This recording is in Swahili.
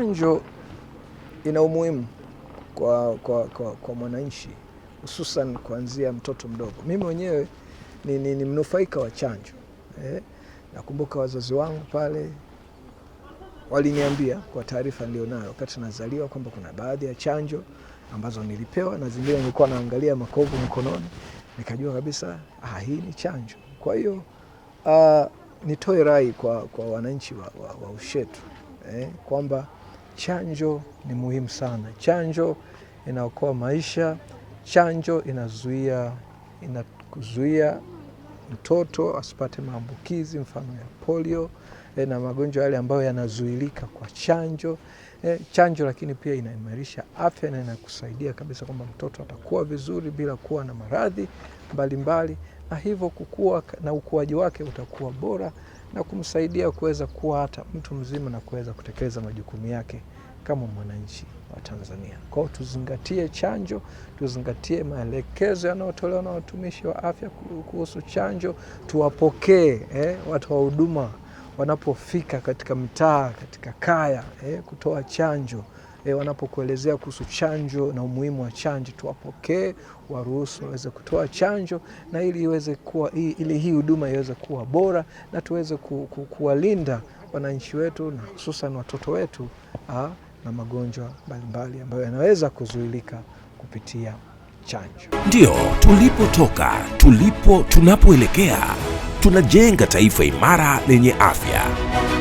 chanjo ina umuhimu kwa, kwa, kwa, kwa mwananchi hususan kuanzia mtoto mdogo. Mimi mwenyewe ni, ni, ni mnufaika wa chanjo eh. Nakumbuka wazazi wangu pale waliniambia kwa taarifa nilionayo wakati nazaliwa kwamba kuna baadhi ya chanjo ambazo nilipewa na zingine nilikuwa naangalia makovu mkononi nikajua kabisa ah, hii ni chanjo. Kwa hiyo uh, nitoe rai kwa, kwa wananchi wa, wa, wa Ushetu eh, kwamba Chanjo ni muhimu sana. Chanjo inaokoa maisha. Chanjo inazuia inakuzuia mtoto asipate maambukizi mfano ya polio eh, na magonjwa yale ambayo yanazuilika kwa chanjo. Eh, chanjo lakini pia inaimarisha afya na inakusaidia kabisa kwamba mtoto atakuwa vizuri bila kuwa na maradhi mbalimbali, na hivyo kukua na ukuaji wake utakuwa bora na kumsaidia kuweza kuwa hata mtu mzima na kuweza kutekeleza majukumu yake kama mwananchi wa Tanzania. Kwao tuzingatie chanjo, tuzingatie maelekezo yanayotolewa na watumishi wa afya kuhusu chanjo, tuwapokee eh, watu wa huduma wanapofika katika mtaa, katika kaya eh, kutoa chanjo e, wanapokuelezea kuhusu chanjo na umuhimu wa chanjo, tuwapokee, waruhusu waweze kutoa chanjo na ili iweze kuwa, ili hii huduma iweze kuwa bora na tuweze ku, ku, kuwalinda wananchi wetu na hususan watoto wetu ha, na magonjwa mbalimbali ambayo yanaweza kuzuilika kupitia chanjo. Ndio tulipotoka, tulipo, tunapoelekea tunajenga taifa imara lenye afya.